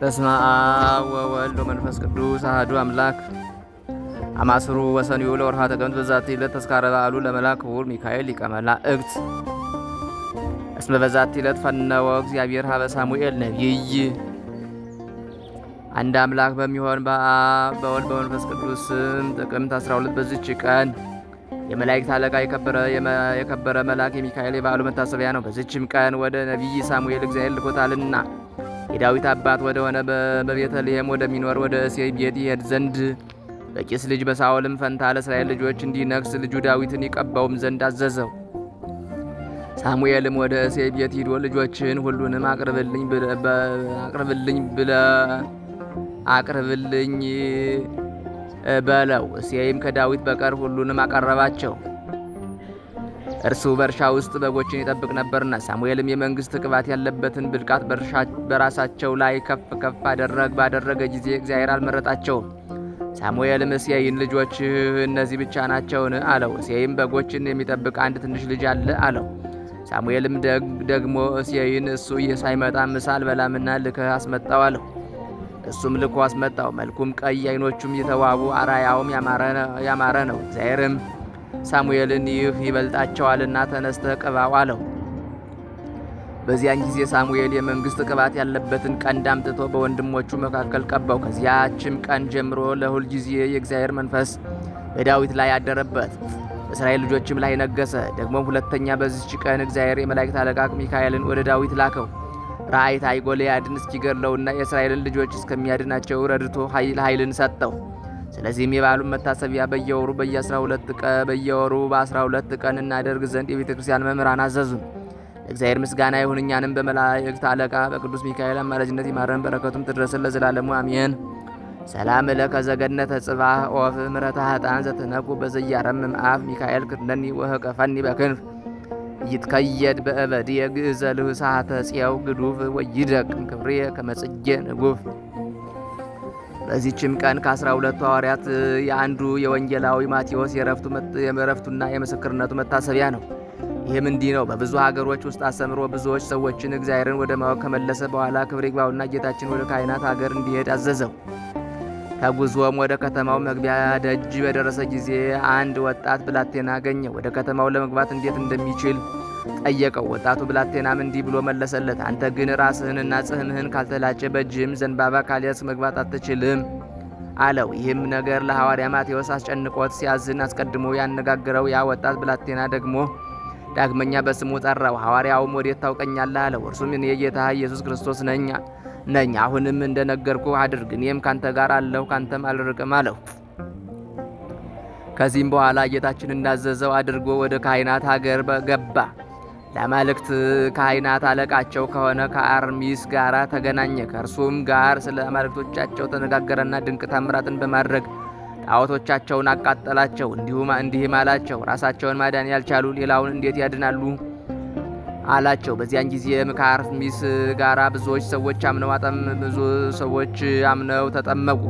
በስመ አብ ወወልድ ወመንፈስ ቅዱስ አህዱ አምላክ። አማስሩ ወሰንዩ ለወርሃ ጥቅምት በዛቲ ዕለት ተስካረ በዓሉ ለመልአከ ክቡር ሚካኤል ሊቀ መላእክት እስመ በዛቲ ዕለት ፈነወ እግዚአብሔር ኀበ ሳሙኤል ነቢይ። አንድ አምላክ በሚሆን በአብ በወልድ በመንፈስ ቅዱስ ስም ጥቅምት 12 በዚች ቀን የመላእክት አለቃ የከበረ መልአክ የሚካኤል የበዓሉ መታሰቢያ ነው። በዚችም ቀን ወደ ነቢይ ሳሙኤል እግዚአብሔር ልኮታልና የዳዊት አባት ወደ ሆነ በቤተልሔም ወደሚኖር ወደ እሴይ ቤት ይሄድ ዘንድ በቂስ ልጅ በሳኦልም ፈንታ ለእስራኤል ልጆች እንዲነግስ ልጁ ዳዊትን ይቀባውም ዘንድ አዘዘው። ሳሙኤልም ወደ እሴይ ቤት ሂዶ ልጆችን ሁሉንም አቅርብልኝ አቅርብልኝ ብለ አቅርብልኝ በለው። እሴይም ከዳዊት በቀር ሁሉንም አቀረባቸው። እርሱ በእርሻ ውስጥ በጎችን ይጠብቅ ነበርና። ሳሙኤልም የመንግሥት ቅባት ያለበትን ብልቃት በራሳቸው ላይ ከፍ ከፍ አደረግ ባደረገ ጊዜ እግዚአብሔር አልመረጣቸውም። ሳሙኤልም እሴይን ልጆችህ እነዚህ ብቻ ናቸውን? አለው። እሴይም በጎችን የሚጠብቅ አንድ ትንሽ ልጅ አለ አለው። ሳሙኤልም ደግሞ እሴይን እሱ ሳይመጣ ምሳል በላምና ልከህ አስመጣው አለው። እሱም ልኮ አስመጣው። መልኩም ቀይ፣ ዓይኖቹም የተዋቡ አራያውም ያማረ ነው። እግዚአብሔርም ሳሙኤልን ይህ ይበልጣቸዋልና ተነስተህ ቅባው አለው። በዚያን ጊዜ ሳሙኤል የመንግሥት ቅባት ያለበትን ቀንድ አምጥቶ በወንድሞቹ መካከል ቀባው። ከዚያችም ቀን ጀምሮ ለሁል ጊዜ የእግዚአብሔር መንፈስ በዳዊት ላይ ያደረበት በእስራኤል ልጆችም ላይ ነገሰ። ደግሞም ሁለተኛ በዚች ቀን እግዚአብሔር የመላእክት አለቃ ሚካኤልን ወደ ዳዊት ላከው። ራእይታይ ጎልያድን እስኪገድለውና የእስራኤልን ልጆች እስከሚያድናቸው ረድቶ ኃይል ኃይልን ሰጠው። ስለዚህም የበዓሉን መታሰቢያ በየወሩ በየ12 ቀን በየወሩ በ12 ቀን እናደርግ ዘንድ የቤተ ክርስቲያን መምህራን አዘዙን። ለእግዚአብሔር ምስጋና ይሁን። እኛንም በመላእክት አለቃ በቅዱስ ሚካኤል አማላጅነት ይማረን፣ በረከቱም ትድረስን ለዘላለሙ አሜን። ሰላም እለከ ዘገነተ ጽባህ ኦፍ ምረታ ሀጣን ዘተነኩ በዘያረም ምአፍ ሚካኤል ክርነኒ ወህቀፈኒ በክንፍ ይትከየድ በእበድ የግእዘ ሳተ ጽያው ግዱፍ ወይደቅ ክብሬ ከመጽጌ ንጉፍ በዚችም ቀን ከአስራ ሁለቱ ሐዋርያት የአንዱ የወንጌላዊ ማቴዎስ የእረፍቱና የምስክርነቱ መታሰቢያ ነው። ይህም እንዲህ ነው። በብዙ ሀገሮች ውስጥ አስተምሮ ብዙዎች ሰዎችን እግዚአብሔርን ወደ ማወቅ ከመለሰ በኋላ ክብር ይግባውና ጌታችን ወደ ካይናት ሀገር እንዲሄድ አዘዘው። ተጉዞም ወደ ከተማው መግቢያ ደጅ በደረሰ ጊዜ አንድ ወጣት ብላቴና አገኘ። ወደ ከተማው ለመግባት እንዴት እንደሚችል ጠየቀው። ወጣቱ ብላቴናም እንዲህ ብሎ መለሰለት፣ አንተ ግን ራስህንና ጽህንህን ካልተላጨ በእጅህም ዘንባባ ካልያዝ መግባት አትችልም አለው። ይህም ነገር ለሐዋርያ ማቴዎስ አስጨንቆት ሲያዝን አስቀድሞ ያነጋግረው ያ ወጣት ብላቴና ደግሞ ዳግመኛ በስሙ ጠራው። ሐዋርያውም ወዴት ታውቀኛለህ አለው። እርሱም እኔ ጌታ ኢየሱስ ክርስቶስ ነኝ ነኝ አሁንም እንደነገርኩ አድርግ፣ እኔም ካንተ ጋር አለሁ፣ ካንተም አልርቅም አለው። ከዚህም በኋላ ጌታችን እንዳዘዘው አድርጎ ወደ ካህናት ሀገር ገባ። ለአማልክት ካህናት አለቃቸው ከሆነ ከአርሚስ ጋር ተገናኘ። ከእርሱም ጋር ስለ አማልክቶቻቸው ተነጋገረና ድንቅ ተምራትን በማድረግ ጣዖቶቻቸውን አቃጠላቸው። እንዲሁም እንዲህም አላቸው፣ ራሳቸውን ማዳን ያልቻሉ ሌላውን እንዴት ያድናሉ? አላቸው። በዚያን ጊዜም ከአርሚስ ጋር ብዙዎች ሰዎች አምነው አጠም ብዙ ሰዎች አምነው ተጠመቁ።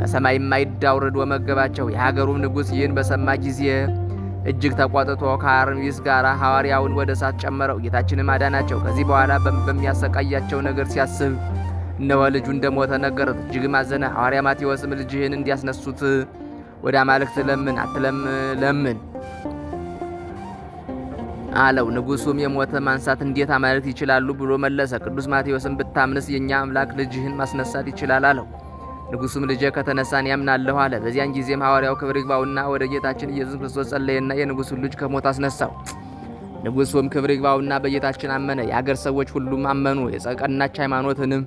ከሰማይ ማይዳውርድ ወመገባቸው። የሀገሩም ንጉሥ ይህን በሰማ ጊዜ እጅግ ተቆጥቶ ከአርሚስ ጋር ሐዋርያውን ወደ እሳት ጨመረው። ጌታችንም አዳናቸው። ከዚህ በኋላ በሚያሰቃያቸው ነገር ሲያስብ እነሆ ልጁ እንደሞተ ነገረት። እጅግም አዘነ። ሐዋርያ ማቴዎስም ልጅህን እንዲያስነሱት ወደ አማልክት ለምን አትለም ለምን አለው። ንጉሱም የሞተ ማንሳት እንዴት አማልክት ይችላሉ ብሎ መለሰ። ቅዱስ ማቴዎስም ብታምንስ የእኛ አምላክ ልጅህን ማስነሳት ይችላል አለው። ንጉሱም ልጄ ከተነሳን ያምናለሁ አለ። በዚያን ጊዜም ሐዋርያው ክብር ይግባውና ወደ ጌታችን ኢየሱስ ክርስቶስ ጸለየና የንጉሱን ልጅ ከሞት አስነሳው። ንጉሱም ክብር ይግባውና በጌታችን አመነ። የአገር ሰዎች ሁሉም አመኑ። የጸቀናች ሃይማኖትንም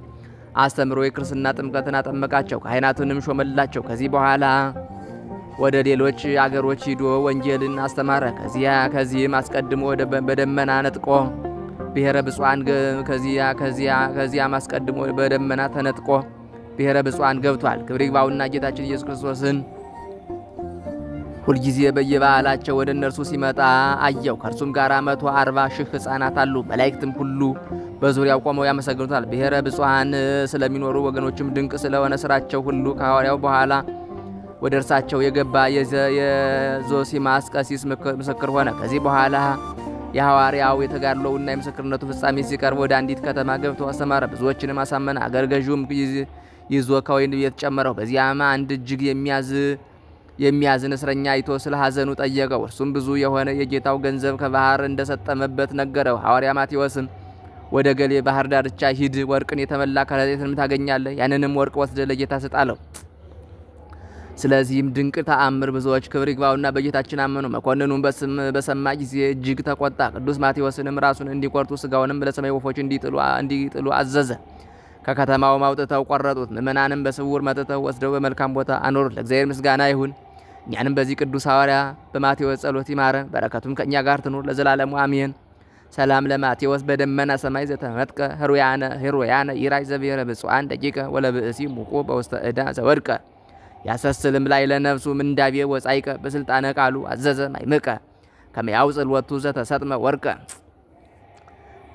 አስተምሮ የክርስትና ጥምቀትን አጠመቃቸው። ካህናትንም ሾመላቸው። ከዚህ በኋላ ወደ ሌሎች አገሮች ሂዶ ወንጌልን አስተማረ። ከዚያ ከዚህም አስቀድሞ በደመና ነጥቆ ብሔረ ብፁዓን ከዚያ ከዚያ ከዚያም አስቀድሞ በደመና ተነጥቆ ብሔረ ብፁዓን ገብቷል። ክብር ይግባውና ጌታችን ኢየሱስ ክርስቶስን ሁልጊዜ በየበዓላቸው ወደ እነርሱ ሲመጣ አየው። ከእርሱም ጋር መቶ አርባ ሺህ ሕፃናት አሉ። መላእክትም ሁሉ በዙሪያው ቆመው ያመሰግኑታል። ብሔረ ብፁዓን ስለሚኖሩ ወገኖችም ድንቅ ስለሆነ ስራቸው ሁሉ ከሐዋርያው በኋላ ወደ እርሳቸው የገባ የዞሲማስ ቀሲስ ምስክር ሆነ። ከዚህ በኋላ የሐዋርያው የተጋድሎውና የምስክርነቱ ፍጻሜ ሲቀርብ ወደ አንዲት ከተማ ገብቶ አስተማረ፣ ብዙዎችንም አሳመነ። አገር ገዢውም ይዞ ከወይን ቤት ጨመረው። በዚያም አንድ እጅግ የሚያዝን እስረኛ አይቶ ስለ ሐዘኑ ጠየቀው። እርሱም ብዙ የሆነ የጌታው ገንዘብ ከባህር እንደሰጠመበት ነገረው። ሐዋርያ ማቴዎስም ወደ ገሌ ባህር ዳርቻ ሂድ፣ ወርቅን የተመላ ከረጢትንም ታገኛለህ፣ ያንንም ወርቅ ወስደ ለጌታ ስጣለው። ስለዚህም ድንቅ ተአምር ብዙዎች ክብር ይግባውና በጌታችን አመኑ። መኮንኑም በሰማ ጊዜ እጅግ ተቆጣ። ቅዱስ ማቴዎስንም ራሱን እንዲቆርጡ ስጋውንም ለሰማይ ወፎች እንዲጥሉ አዘዘ። ከከተማውም አውጥተው ቆረጡት። ምእመናንም በስውር መጥተው ወስደው በመልካም ቦታ አኖሩት። ለእግዚአብሔር ምስጋና ይሁን። እኛንም በዚህ ቅዱስ ሐዋርያ በማቴዎስ ጸሎት ይማረን፣ በረከቱም ከእኛ ጋር ትኑር ለዘላለሙ አሜን። ሰላም ለማቴዎስ በደመና ሰማይ ዘተመጥቀ ህሩያነ ህሩያነ ይራይ ዘብሔረ ብፁዓን ደቂቀ ወለብእሲ ሙቁ በውስተ እዳ ዘወድቀ ያሰስልም ላይ ለነፍሱ ምንዳቤ ወጻይቀ በስልጣነ ቃሉ አዘዘ ማይምቀ ከመያውፅል ወቱ ዘተሰጥመ ወርቀ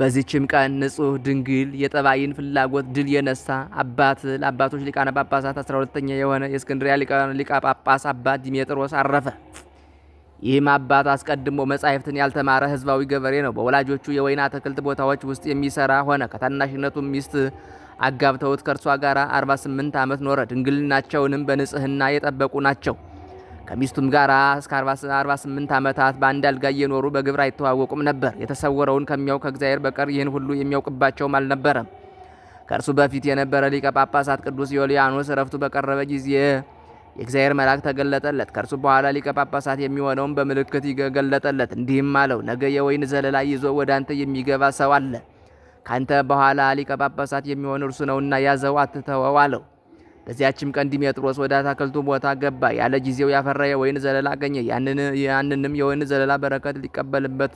በዚችም ቀን ንጹህ ድንግል የጠባይን ፍላጎት ድል የነሳ አባት ለአባቶች ሊቃነ ጳጳሳት 12 ኛ የሆነ የእስክንድሪያ ሊቃ ጳጳስ አባት ዲሜጥሮስ አረፈ። ይህም አባት አስቀድሞ መጻሕፍትን ያልተማረ ህዝባዊ ገበሬ ነው። በወላጆቹ የወይን አትክልት ቦታዎች ውስጥ የሚሰራ ሆነ። ከታናሽነቱም ሚስት አጋብተውት ከእርሷ ጋር 48 ዓመት ኖረ። ድንግልናቸውንም በንጽህና የጠበቁ ናቸው። ከሚስቱም ጋር እስከ 48 ዓመታት በአንድ አልጋ እየኖሩ በግብር አይተዋወቁም ነበር። የተሰወረውን ከሚያውቅ ከእግዚአብሔር በቀር ይህን ሁሉ የሚያውቅባቸውም አልነበረም። ከእርሱ በፊት የነበረ ሊቀ ጳጳሳት ቅዱስ ዮልያኖስ እረፍቱ በቀረበ ጊዜ የእግዚአብሔር መልአክ ተገለጠለት። ከእርሱ በኋላ ሊቀ ጳጳሳት የሚሆነውን በምልክት ይገለጠለት፣ እንዲህም አለው፣ ነገ የወይን ዘለላ ይዞ ወደ አንተ የሚገባ ሰው አለ። ካንተ በኋላ ሊቀ ጳጳሳት የሚሆን እርሱ ነውና ያዘው፣ አትተወው አለው። በዚያችም ቀን ዲሜጥሮስ ወደ አታክልቱ ቦታ ገባ። ያለ ጊዜው ያፈራ የወይን ዘለላ አገኘ። ያንንም የወይን ዘለላ በረከት ሊቀበልበት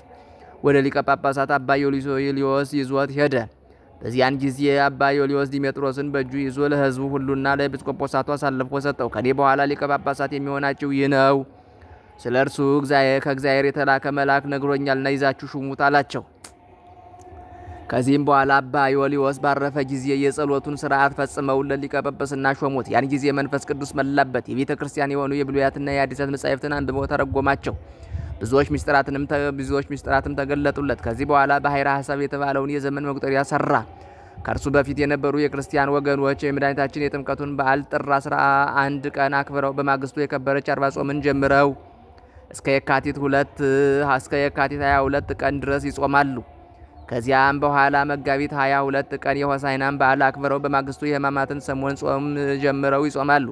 ወደ ሊቀ ጳጳሳት አባ ዮልዮስ ይዞት ሄደ። በዚያን ጊዜ አባ ዮልዮስ ዲሜጥሮስን በእጁ ይዞ ለሕዝቡ ሁሉና ለኤጲስቆጶሳቱ አሳልፎ ሰጠው። ከኔ በኋላ ሊቀ ጳጳሳት የሚሆናቸው ይህ ነው፣ ስለ እርሱ ከእግዚአብሔር የተላከ መልአክ ነግሮኛልና ይዛችሁ ሹሙት አላቸው። ከዚህም በኋላ አባ ዮልዮስ ባረፈ ጊዜ የጸሎቱን ስርዓት ፈጽመው ሊቀ ጳጳስና ሾሙት። ያን ጊዜ መንፈስ ቅዱስ መላበት። የቤተ ክርስቲያን የሆኑ የብሉያትና የአዲሳት መጻሕፍትን አንብቦ ተረጎማቸው። ብዙዎች ምስጢራትንም ብዙዎች ምስጢራትም ተገለጡለት። ከዚህ በኋላ ባሕረ ሐሳብ የተባለውን የዘመን መቁጠሪያ ሰራ። ከእርሱ በፊት የነበሩ የክርስቲያን ወገኖች የመድኃኒታችን የጥምቀቱን በዓል ጥር አስራ አንድ ቀን አክብረው በማግስቱ የከበረች አርባ ጾምን ጀምረው እስከ የካቲት ሁለት እስከ የካቲት 22 ቀን ድረስ ይጾማሉ። ከዚያም በኋላ መጋቢት 22 ቀን የሆሳይናን በዓል አክብረው በማግስቱ የሕማማትን ሰሞን ጾም ጀምረው ይጾማሉ።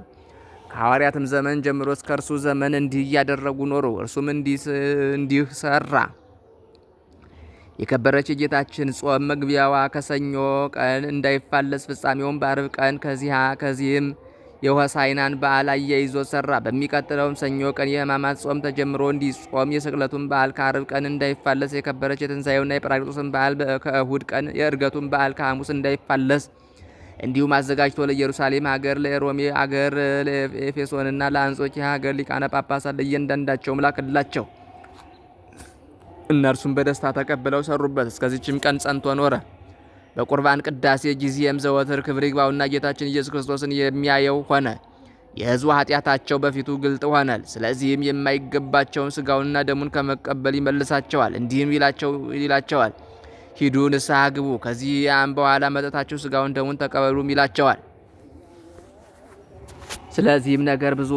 ከሐዋርያትም ዘመን ጀምሮ እስከ እርሱ ዘመን እንዲህ እያደረጉ ኖሩ። እርሱም እንዲህ ሰራ። የከበረች የጌታችን ጾም መግቢያዋ ከሰኞ ቀን እንዳይፋለስ ፍጻሜውን በአርብ ቀን ከዚህም የሆሳዕናን በዓል አያይዞ ሰራ። በሚቀጥለውም ሰኞ ቀን የሕማማት ጾም ተጀምሮ እንዲጾም የስቅለቱን በዓል ከአርብ ቀን እንዳይፋለስ የከበረች የትንሣኤውና የጰራቅሊጦስን በዓል ከእሁድ ቀን የእርገቱን በዓል ከሐሙስ እንዳይፋለስ እንዲሁም አዘጋጅቶ ለኢየሩሳሌም ሀገር፣ ለሮሜ ሀገር፣ ለኤፌሶንና ለአንጾኪያ ሀገር ሊቃነ ጳጳሳት ለእያንዳንዳቸውም ምላክላቸው እነርሱም በደስታ ተቀብለው ሰሩበት። እስከዚችም ቀን ጸንቶ ኖረ። በቁርባን ቅዳሴ ጊዜም ዘወትር ክብር ይግባውና ጌታችን ኢየሱስ ክርስቶስን የሚያየው ሆነ። የሕዝቡ ኃጢአታቸው በፊቱ ግልጥ ሆነል። ስለዚህም የማይገባቸውን ስጋውንና ደሙን ከመቀበል ይመልሳቸዋል። እንዲህም ይላቸዋል፣ ሂዱ ንስሐ ግቡ፣ ከዚያም በኋላ መጠታችሁ ስጋውን ደሙን ተቀበሉም ይላቸዋል። ስለዚህም ነገር ብዙ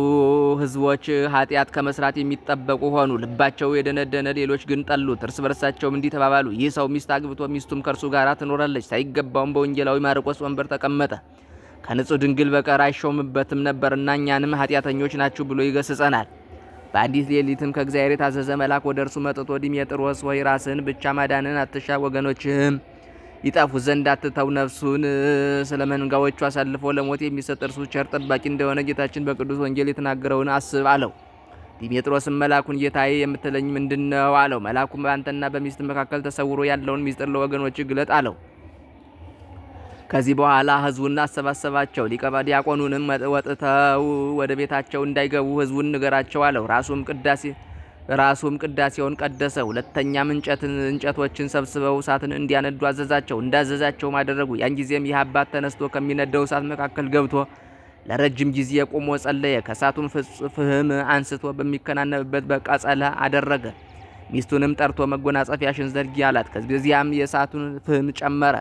ህዝቦች ኃጢአት ከመስራት የሚጠበቁ ሆኑ። ልባቸው የደነደነ ሌሎች ግን ጠሉት። እርስ በርሳቸውም እንዲህ ተባባሉ፣ ይህ ሰው ሚስት አግብቶ ሚስቱም ከእርሱ ጋር ትኖራለች፣ ሳይገባውም በወንጌላዊ ማርቆስ ወንበር ተቀመጠ፣ ከንጹህ ድንግል በቀር አይሾምበትም ነበርና እኛንም ኃጢአተኞች ናችሁ ብሎ ይገስጸናል። በአንዲት ሌሊትም ከእግዚአብሔር የታዘዘ መልአክ ወደ እርሱ መጥቶ ዲሜጥሮስ ወይ ራስህን ብቻ ማዳንን አትሻ፣ ወገኖችህም ይጠፉ ዘንድ አትተው፣ ነፍሱን ስለ መንጋዎቹ አሳልፎ ለሞት የሚሰጥ እርሱ ቸር ጠባቂ እንደሆነ ጌታችን በቅዱስ ወንጌል የተናገረውን አስብ አለው። ዲሜጥሮስም መላኩን ጌታዬ የምትለኝ ምንድን ነው አለው። መላኩም በአንተና በሚስት መካከል ተሰውሮ ያለውን ሚስጥር ለወገኖች ግለጥ አለው። ከዚህ በኋላ ህዝቡን አሰባሰባቸው። ሊቀ ወጥተው ወደ ቤታቸው እንዳይገቡ ህዝቡን ንገራቸው አለው። ራሱም ቅዳሴ ራሱም ቅዳሴውን ቀደሰ። ሁለተኛም እንጨትን እንጨቶችን ሰብስበው እሳትን እንዲያነዱ አዘዛቸው። እንዳዘዛቸውም አደረጉ። ያን ጊዜም ይህ አባት ተነስቶ ከሚነደው እሳት መካከል ገብቶ ለረጅም ጊዜ ቆሞ ጸለየ። ከእሳቱም ፍህም አንስቶ በሚከናነብበት በቀጸላ አደረገ። ሚስቱንም ጠርቶ መጎናጸፊያሽን ዘርጊ አላት። ከዚያም የእሳቱን ፍህም ጨመረ።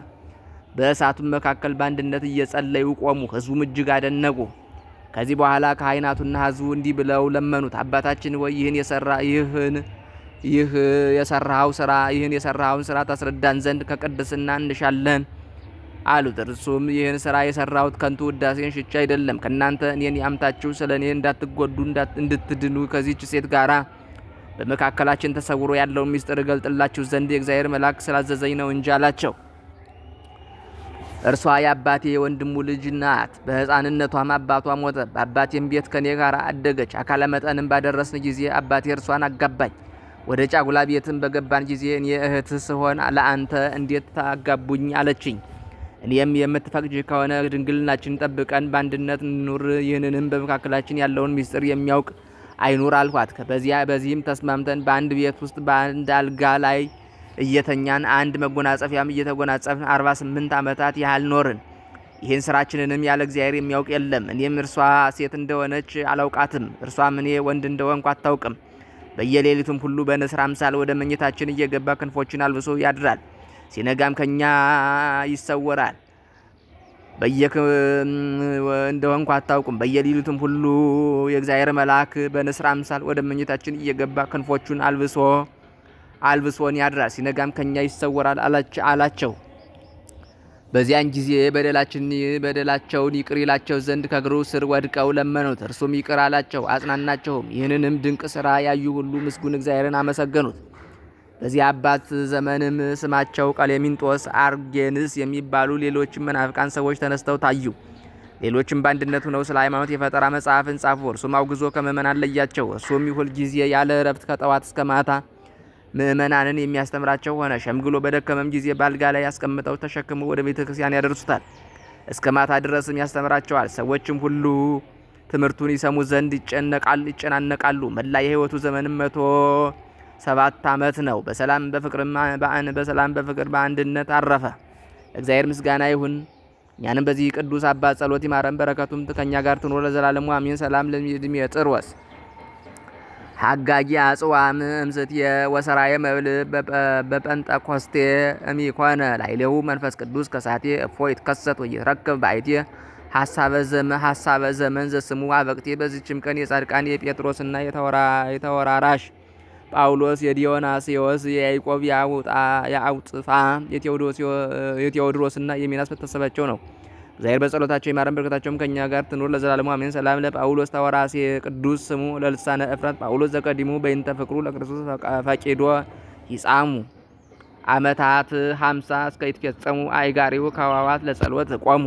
በእሳቱን መካከል በአንድነት እየጸለዩ ቆሙ። ህዝቡም እጅግ አደነቁ። ከዚህ በኋላ ካህናቱና ህዝቡ እንዲህ ብለው ለመኑት። አባታችን ወይ ይህን የሰራ ይህን ይህ የሰራው ስራ ይህን የሰራውን ስራ ታስረዳን ዘንድ ከቅድስና እንሻለን አሉት። እርሱም ይህን ስራ የሰራሁት ከንቱ ውዳሴን ሽቻ አይደለም፣ ከእናንተ እኔን ያምታችሁ ስለ እኔ እንዳትጎዱ እንድትድኑ ከዚህች ሴት ጋራ በመካከላችን ተሰውሮ ያለውን ምስጢር እገልጥላችሁ ዘንድ የእግዚአብሔር መልአክ ስላዘዘኝ ነው እንጂ አላቸው። እርሷ የአባቴ የወንድሙ ልጅ ናት። በሕፃንነቷም አባቷ ሞተ። በአባቴም ቤት ከኔ ጋር አደገች። አካለ መጠንም ባደረስን ጊዜ አባቴ እርሷን አጋባኝ። ወደ ጫጉላ ቤትም በገባን ጊዜ እኔ እህት ስሆን ለአንተ እንዴት ታጋቡኝ አለችኝ። እኔም የምትፈቅጅ ከሆነ ድንግልናችን ጠብቀን በአንድነት እንኑር፣ ይህንንም በመካከላችን ያለውን ምስጢር የሚያውቅ አይኑር አልኳት። በዚህም ተስማምተን በአንድ ቤት ውስጥ በአንድ አልጋ ላይ እየተኛን አንድ መጎናጸፊያም እየተጎናጸፍን አርባ ስምንት ዓመታት ያህል ኖርን። ይህን ስራችንንም ያለ እግዚአብሔር የሚያውቅ የለም። እኔም እርሷ ሴት እንደሆነች አላውቃትም፣ እርሷም እኔ ወንድ እንደሆንኩ አታውቅም። በየሌሊቱም ሁሉ በንስር አምሳል ወደ መኝታችን እየገባ ክንፎችን አልብሶ ያድራል። ሲነጋም ከኛ ይሰወራል። በየክ እንደሆንኩ አታውቁም። በየሌሊቱም ሁሉ የእግዚአብሔር መልአክ በንስር አምሳል ወደ መኝታችን እየገባ ክንፎቹን አልብሶ አልብሶን ያድራል፣ ሲነጋም ከኛ ይሰወራል አላቸው። በዚያን ጊዜ በደላችን በደላቸውን ይቅር ይላቸው ዘንድ ከእግሩ ስር ወድቀው ለመኑት። እርሱም ይቅር አላቸው፣ አጽናናቸውም። ይህንንም ድንቅ ስራ ያዩ ሁሉ ምስጉን እግዚአብሔርን አመሰገኑት። በዚህ አባት ዘመንም ስማቸው ቀሌሚንጦስ አርጌንስ የሚባሉ ሌሎችም መናፍቃን ሰዎች ተነስተው ታዩ። ሌሎችም በአንድነት ሆነው ስለ ሃይማኖት የፈጠራ መጽሐፍን ጻፉ። እርሱም አውግዞ ከምእመናን ለያቸው። እርሱም ጊዜ ያለ እረፍት ከጠዋት እስከ ማታ ምእመናንን የሚያስተምራቸው ሆነ። ሸምግሎ በደከመም ጊዜ በአልጋ ላይ ያስቀምጠው ተሸክሞ ወደ ቤተ ክርስቲያን ያደርሱታል። እስከ ማታ ድረስም ያስተምራቸዋል። ሰዎችም ሁሉ ትምህርቱን ይሰሙ ዘንድ ይጨናነቃሉ። መላ የህይወቱ ዘመንም መቶ ሰባት ዓመት ነው። በሰላም በፍቅር በሰላም በፍቅር በአንድነት አረፈ። እግዚአብሔር ምስጋና ይሁን። እኛንም በዚህ ቅዱስ አባት ጸሎት ይማረን፣ በረከቱም ከእኛ ጋር ትኖር ለዘላለሙ አሜን። ሰላም ለሚድም የጥሮስ ሀጋጊ አጽዋም እምስት ወሰራየ መብል በጴንጠኮስቴ እሚኮነ ላይሌው መንፈስ ቅዱስ ከሳቴ እፎ ይትከሰት ወይትረክብ ባይቴ ሀሳበ ዘመን ዘስሙ አበቅቴ። በዚችም ቀን የጻድቃን የጴጥሮስና የተወራራሽ ጳውሎስ የዲዮናስዮስ የያዕቆብ የአውጽፋ የቴዎድሮስና የሚናስ መታሰባቸው ነው። እግዚአብሔር በጸሎታቸው ይማረን፣ በረከታቸውም ከእኛ ጋር ትኑር ለዘላለሙ አሜን። ሰላም ለጳውሎስ ተወራሴ ቅዱስ ስሙ ለልሳነ እፍረት ጳውሎስ ዘቀዲሙ በይንተ ፍቅሩ ለክርስቶስ ፈቂዶ ይጻሙ አመታት 50 እስከ ይትፈጸሙ አይጋሪው ከዋዋት ለጸሎት ቆሙ